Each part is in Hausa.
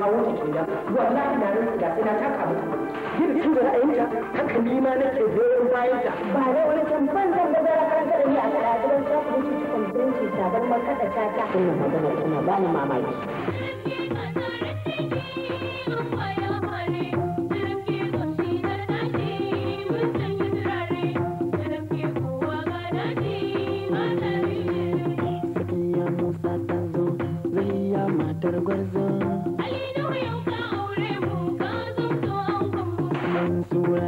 kawo ta gida wallahi na nan ga sai na taka mata yin su da ra'ayinta haka ni ma nake goyon bayan ta ba ne wani can zan da zara karanta da ni a kada gidan ta ku ci cikin birinci sabon man kada ta ta wannan magana tana ba ni mamaki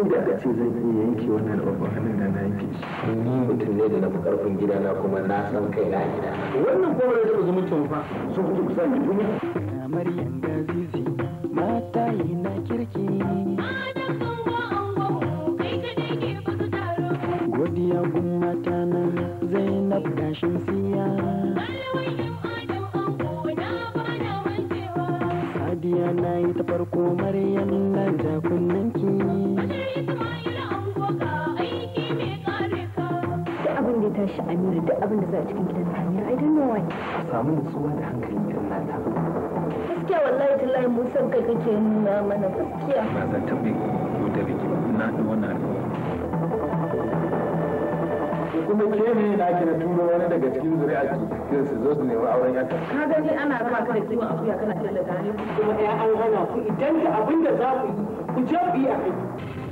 inda aka ce zan iya yanke wannan babban hannun da na yanke shi ni mutum ne da na karfin gida na kuma na san kai na gida wannan kuma da taɓa zumuncin fa sun kusa kusa ne Na Maryam Gazizi mata yi na kirki godiya gun zai na gashin Dashin na yi ta farko maryam na ja kunnanki da abin da ya tashi amiru duk abin da za a cikin gidan hanyar ai don nawa ne a samu nutsuwa da hankali irin nata gaskiya wallahi tallahi musan kai kake nuna mana gaskiya ba zan tambaye ko da rikima na da wannan kuma ke ne na ki na turo wani daga cikin zuri'a ki sai su zo su nemi auren yanka ka gani ana raba ka da kiwon akuya kana tallata ne kuma ya an gana ku idan da abin da za ku yi ku je kai